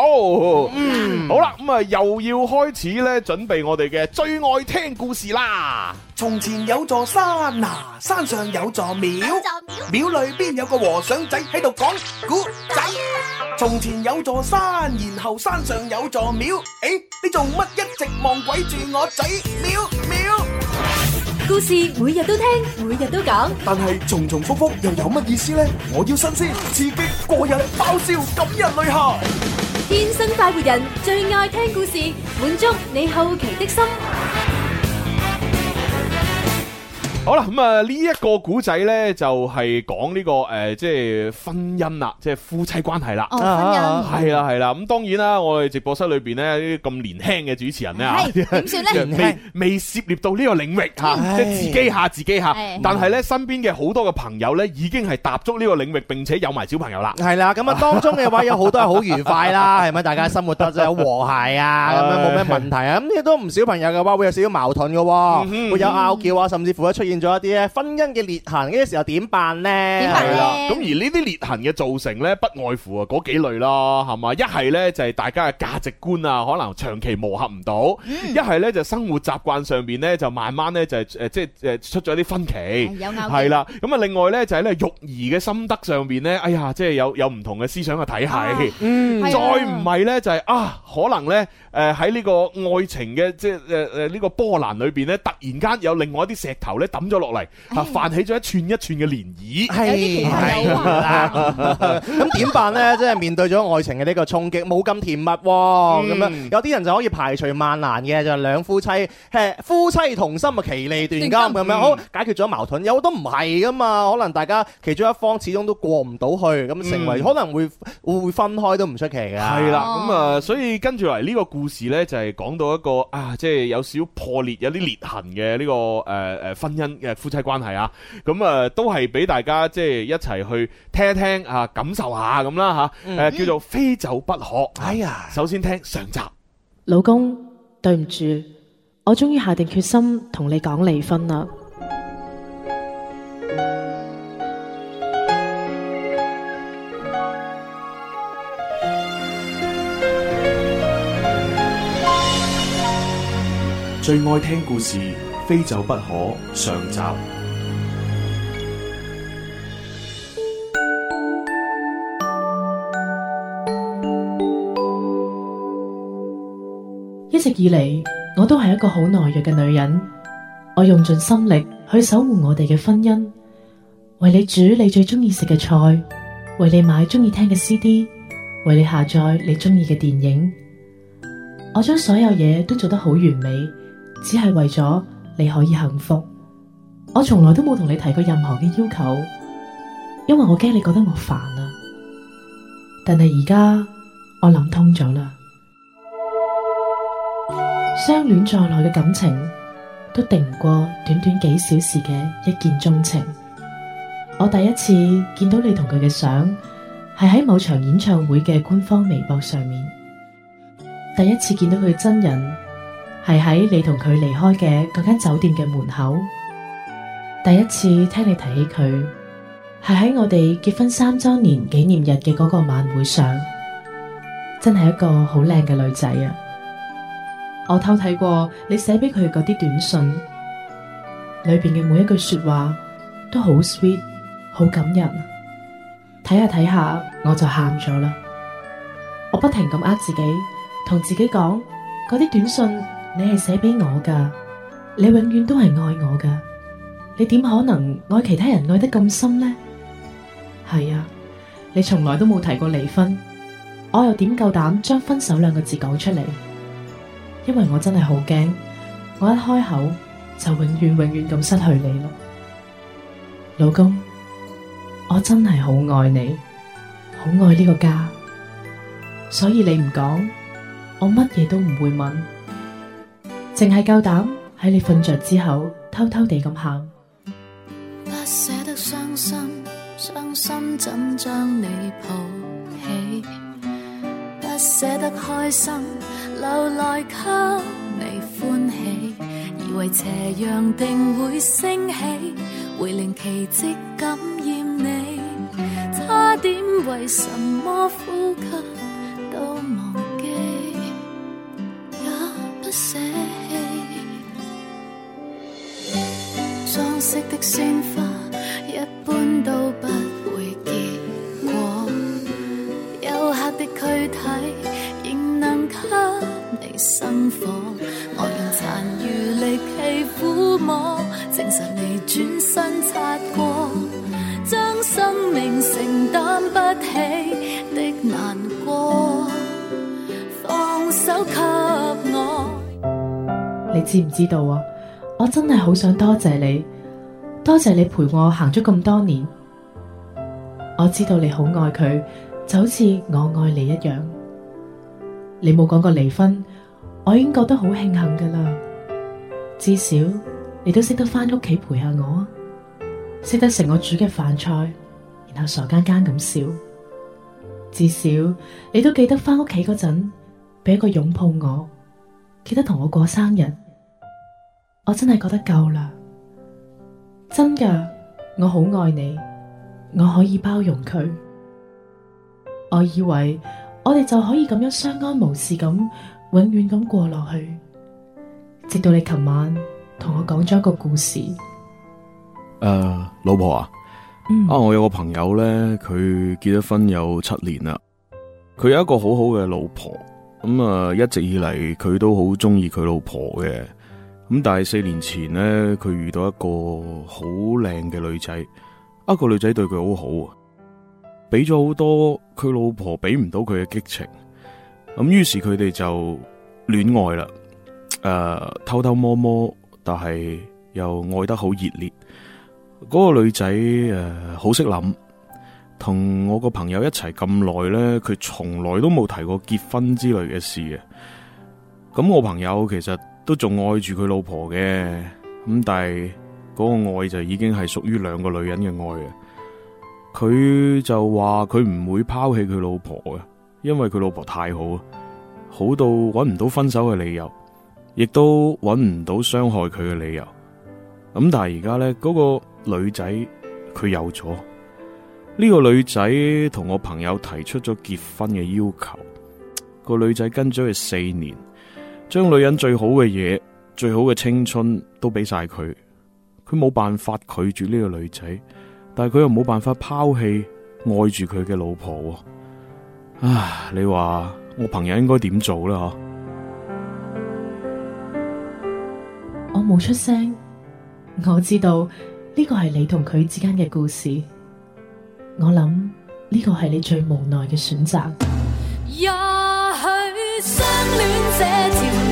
嗯，好啦，咁啊又要開始咧準備我哋嘅。最愛聽故事啦！從前有座山啊，山上有座廟，廟裏邊有個和尚仔喺度講古仔。從前有座山，然後山上有座廟。誒、欸，你做乜一直望鬼住我仔？廟廟，故事每日都聽，每日都講，但係重重複複又有乜意思呢？我要新鮮、刺激、過癮、爆笑、感人女孩。天生快活人，最愛聽故事，滿足你好奇的心。好啦，咁、嗯、啊、這個、呢一個古仔咧，就係講呢個誒、呃，即係婚姻啦，即係夫妻關係啦。哦，婚姻係啦，係啦。咁、嗯、當然啦，我哋直播室裏邊咧，呢啲咁年輕嘅主持人咧啊，點算咧？未未涉獵到呢個領域吓、哎，即係自己吓自己吓、哎。但係咧、嗯，身邊嘅好多嘅朋友咧，已經係踏足呢個領域，並且有埋小朋友啦。係啦，咁啊當中嘅話 有好多係好愉快啦，係 咪？大家生活得真係和諧啊，咁 樣冇咩問題啊。咁亦都唔少朋友嘅話會有少少矛盾嘅、哦嗯，會有拗撬啊，甚至乎出現。咗一啲婚姻嘅裂痕，呢時候點辦呢？點辦咧？咁而呢啲裂痕嘅造成咧，不外乎啊嗰幾類啦，係嘛？一係咧就係、是、大家嘅價值觀啊，可能長期磨合唔到；一係咧就生活習慣上邊咧，就慢慢咧就誒、呃，即係誒出咗啲分歧。係、嗯、啦，咁啊，另外咧就係咧育兒嘅心得上邊咧，哎呀，即係有有唔同嘅思想嘅體系。啊嗯、再唔係咧就係、是、啊，可能咧誒喺呢、呃、個愛情嘅即係誒誒呢個波瀾裏邊咧，突然間有另外一啲石頭咧抌咗落嚟，啊泛起咗一串一串嘅漣漪。係係咁點辦呢？即 係面對咗愛情嘅呢個衝擊，冇咁甜蜜，哦。咁、嗯、樣有啲人就可以排除萬難嘅，就兩、是、夫妻，夫妻同心啊，其利斷金，咁、嗯、樣好解決咗矛盾。有好多唔係噶嘛，可能大家其中一方始終都過唔到去，咁成為、嗯、可能會會分開都唔出奇㗎。係、嗯、啦，咁啊，所以跟住嚟呢個故事呢，就係、是、講到一個啊，即、就、係、是、有少少破裂有啲裂痕嘅呢、這個誒誒、呃、婚姻。夫妻關係啊，咁啊都係俾大家即係一齊去聽一聽啊，感受下咁啦吓，叫做非走不可。哎呀，首先聽上集。老公對唔住，我終於下定決心同你講離婚啦。最愛聽故事。非走不可。上集，一直以嚟，我都係一個好懦弱嘅女人。我用盡心力去守護我哋嘅婚姻，為你煮你最鍾意食嘅菜，為你買鍾意聽嘅 CD，為你下載你鍾意嘅電影。我將所有嘢都做得好完美，只係為咗。你可以幸福，我從來都冇同你提過任何嘅要求，因為我驚你覺得我煩啊。但係而家我諗通咗啦，相戀再耐嘅感情都敵唔過短短幾小時嘅一見鍾情。我第一次見到你同佢嘅相，係喺某場演唱會嘅官方微博上面。第一次見到佢真人，係喺你同佢離開嘅嗰間酒店嘅門口，第一次聽你提起佢，係喺我哋結婚三周年紀念日嘅嗰個晚會上，真係一個好靚嘅女仔啊！我偷睇過你寫俾佢嗰啲短信，裏邊嘅每一句說話都好 sweet，好感人，睇下睇下我就喊咗啦！我不停咁呃自己，同自己講嗰啲短信。你係寫俾我噶，你永遠都係愛我噶，你點可能愛其他人愛得咁深呢？係啊，你從來都冇提過離婚，我又點夠膽將分手兩個字講出嚟？因為我真係好驚，我一開口就永遠永遠咁失去你啦，老公，我真係好愛你，好愛呢個家，所以你唔講，我乜嘢都唔會問。淨係夠膽喺你瞓着之後偷偷地咁喊，不捨得傷心，傷心怎將你抱起？不捨得開心，留來給你歡喜。以為斜陽定會升起，會令奇蹟感染你，差點為什麼呼吸？放手給我，你知唔知道啊？我真係好想多謝你。多謝你陪我行咗咁多年，我知道你好愛佢，就好似我愛你一樣。你冇講過離婚，我已經覺得好慶幸噶啦。至少你都識得返屋企陪下我，識得食我煮嘅飯菜，然後傻更更咁笑。至少你都記得返屋企嗰陣，畀一個擁抱我，記得同我過生日，我真係覺得夠喇真㗎，我好愛你，我可以包容佢。我以為我哋就可以咁樣相安無事咁，永遠咁過落去，直到你琴晚同我講咗一個故事。誒、呃，老婆啊，嗯、啊，我有個朋友咧，佢結咗婚有七年啦，佢有一個好好嘅老婆，咁、嗯、啊一直以嚟佢都好中意佢老婆嘅。咁但係四年前呢，佢遇到一個好靚嘅女仔，一個女仔對佢好好啊，俾咗好多佢老婆俾唔到佢嘅激情，咁於是佢哋就戀愛啦，誒、呃、偷偷摸摸，但係又愛得好熱烈。嗰、嗰個女仔誒好識諗，同、呃、我個朋友一齊咁耐咧，佢從來都冇提過結婚之類嘅事嘅。咁我朋友其實。都仲愛住佢老婆嘅，咁但係嗰個愛就已經係屬於兩個女人嘅愛啊！佢就話佢唔會拋棄佢老婆嘅，因為佢老婆太好啊，好到揾唔到分手嘅理由，亦都揾唔到傷害佢嘅理由。咁但係而家呢嗰個女仔佢有咗呢個女仔同我朋友提出咗結婚嘅要求，個女仔跟咗佢四年。將女人最好嘅嘢，最好嘅青春都俾晒佢，佢冇辦法拒絕呢個女仔，但係佢又冇辦法拋棄愛住佢嘅老婆。啊，你話我朋友應該點做呢？我冇出聲，我知道呢個係你同佢之間嘅故事，我諗呢個係你最無奈嘅選擇。也許相戀者。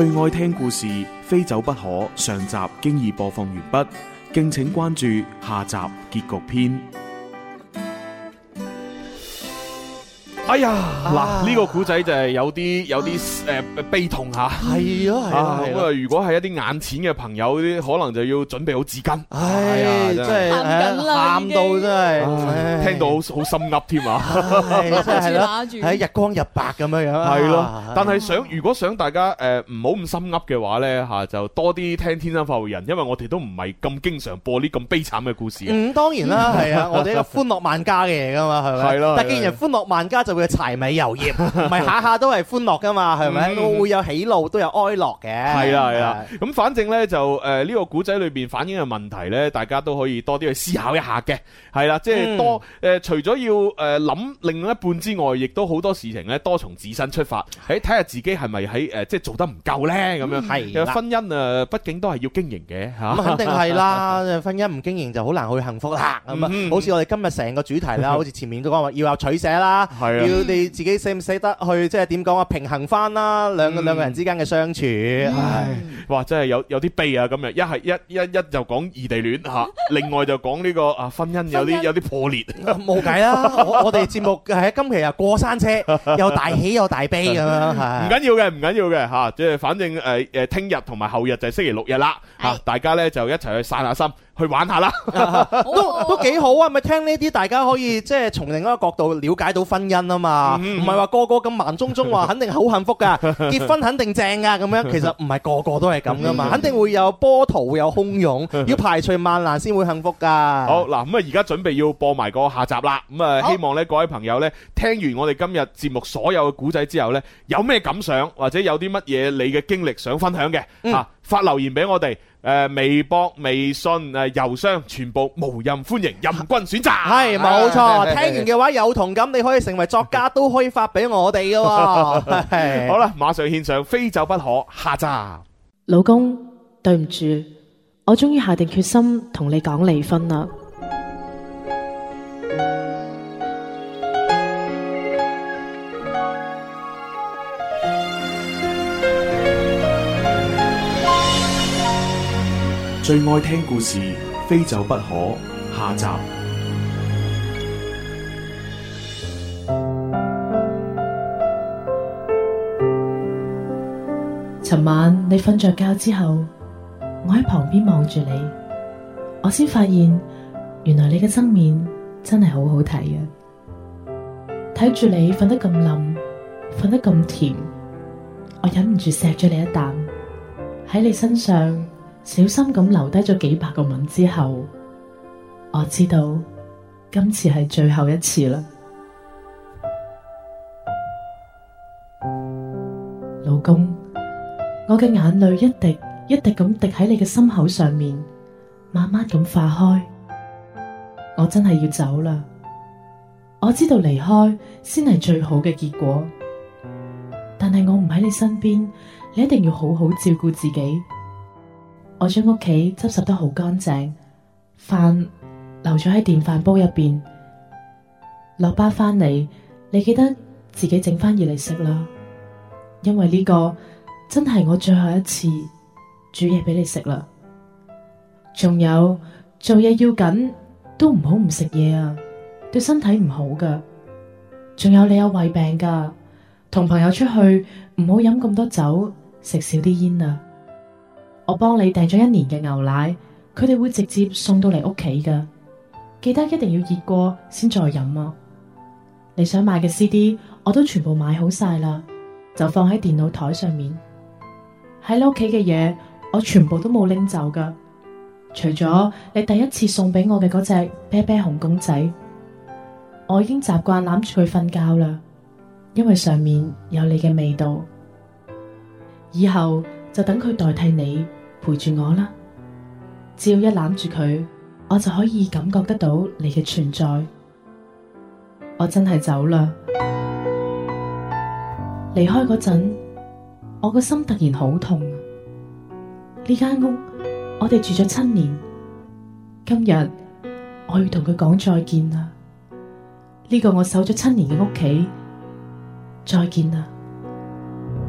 最愛聽故事，非走不可。上集經已播放完畢，敬請關注下集結局篇。哎呀，嗱呢、這個古仔就係有啲有啲誒悲痛吓，係咯係啊，咁啊如果係一啲眼淺嘅朋友啲，可能就要準備好紙巾，係真係，喊到真係，聽到好好心噏添啊，係咯，喺 日光日白咁樣樣，係咯，但係想如果想大家誒唔好咁心噏嘅話咧吓，就多啲聽《天生發育人》，因為我哋都唔係咁經常播呢咁悲慘嘅故事，嗯，嗯當然啦，係、嗯、啊，我哋一個歡樂萬家嘅嘢噶嘛，係 咪？係咯，但係既然歡樂萬家就。柴米油鹽，唔 係下下都係歡樂噶嘛，係咪、嗯？都會有喜怒，都有哀樂嘅。係啦，係啦。咁反正咧，就誒呢、呃這個古仔裏邊反映嘅問題咧，大家都可以多啲去思考一下嘅。係啦，即、就、係、是、多誒、嗯呃，除咗要誒諗另一半之外，亦都好多事情咧，多從自身出發，誒睇下自己係咪喺誒即係做得唔夠咧咁樣。係，婚姻啊，畢竟都係要經營嘅吓。咁、啊嗯、肯定係啦， 婚姻唔經營就好難去幸福啦。咁、嗯、啊，好似我哋今日成個主題啦，好似前面都講話要有取捨啦，係啊。要你自己捨唔捨得去，即係點講啊？平衡翻啦，兩個兩個人之間嘅相處，嗯、唉哇，真係有有啲悲啊。今日一係一一一就講異地戀吓、啊，另外就講呢、這個啊婚姻有啲姻有啲破裂，冇計啦！我哋節目係今期啊過山車，又大喜又大悲咁、啊、樣，係唔緊要嘅，唔緊要嘅吓，即係、啊、反正誒誒，聽、呃、日同埋後日就星期六日啦吓、啊，大家咧就一齊去散下心。去玩下啦，都都幾好啊！咪聽呢啲，大家可以即係從另一個角度了解到婚姻啊嘛。唔係話個個咁盲中中話肯定好幸福噶，結婚肯定正噶咁樣。其實唔係個個都係咁噶嘛，肯定會有波濤，會有洶湧，要排除萬難先會幸福噶。好嗱，咁啊，而家準備要播埋個下集啦。咁啊，希望呢各位朋友呢聽完我哋今日節目所有嘅古仔之後呢，有咩感想或者有啲乜嘢你嘅經歷想分享嘅啊，發留言俾我哋。誒、呃，微博、微信、誒、呃、郵箱，全部無任歡迎，任君選擇。係， 冇錯。 聽完嘅話有同感，你可以成為作家， 都可以發俾我哋噶。 好啦，馬上獻上，非走不可。下咋？老公，對唔住，我終於下定決心同你講離婚啦。最愛聽故事，非走不可。下集。尋晚你瞓着覺之後，我喺旁邊望住你，我先發現原來你嘅側面真係好好睇啊。睇住你瞓得咁冧，瞓得咁甜，我忍唔住錫咗你一啖喺你身上。小心咁留低咗幾百個吻之後，我知道今次係最後一次啦，老公。我嘅眼淚一滴一滴咁滴喺你嘅心口上面，慢慢咁化開。我真係要走啦，我知道離開先係最好嘅結果，但係我唔喺你身邊，你一定要好好照顧自己。我將屋企收拾得好乾淨，飯留咗喺電飯煲入邊。落班返嚟，你記得自己整返嘢嚟食喇！因為呢個真係我最後一次煮嘢俾你食喇！仲有做嘢要緊，都唔好唔食嘢呀，對身體唔好㗎！仲有你有胃病㗎，同朋友出去唔好飲咁多酒，食少啲煙呀、啊。我幫你訂咗一年嘅牛奶，佢哋會直接送到嚟屋企噶。記得一定要熱過先再飲啊！你想買嘅 CD 我都全部買好晒啦，就放喺電腦台上面。喺你屋企嘅嘢，我全部都冇拎走噶，除咗你第一次送俾我嘅嗰隻啤啤熊公仔，我已經習慣攬住佢瞓覺啦，因為上面有你嘅味道。以後就等佢代替你，陪住我啦，只要一攬住佢，我就可以感覺得到你嘅存在。我真係走啦，離開嗰陣，我個心突然好痛。呢間屋，我哋住咗七年，今日我要同佢講再見啦。呢個我守咗七年嘅屋企，再見啦。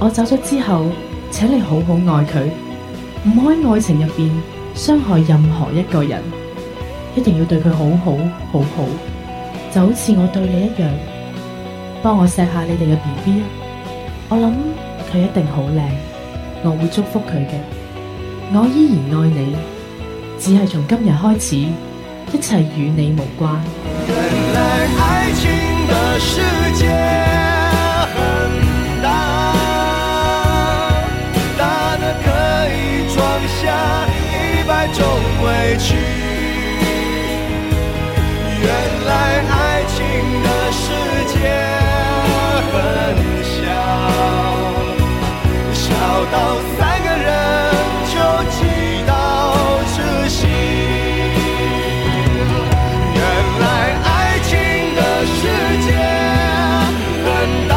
我走咗之後，請你好好愛佢，唔好喺愛情入邊傷害任何一個人，一定要對佢好好好好，就好似我對你一樣。幫我錫下你哋嘅 BB 啊，我諗佢一定好靚，我會祝福佢嘅。我依然愛你，只係從今日開始，一切與你無關。原來愛情的世界。放下一百種委屈，原來愛情的世界很小，小到三個人就擠到窒息。原來愛情的世界很大，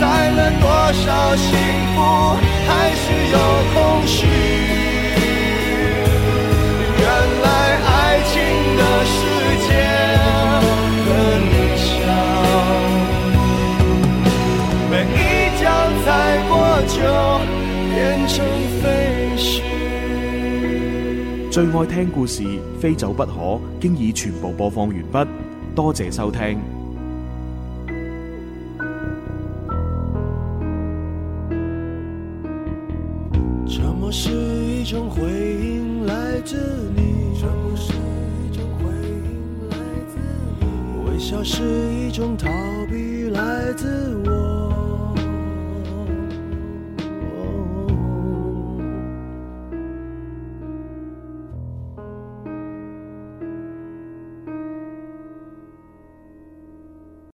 載了多少心。最愛聽故事，非走不可，經已全部播放完畢，多謝收聽。沉默是一種回應來，回應來自你；微笑是一種逃避，來自我。我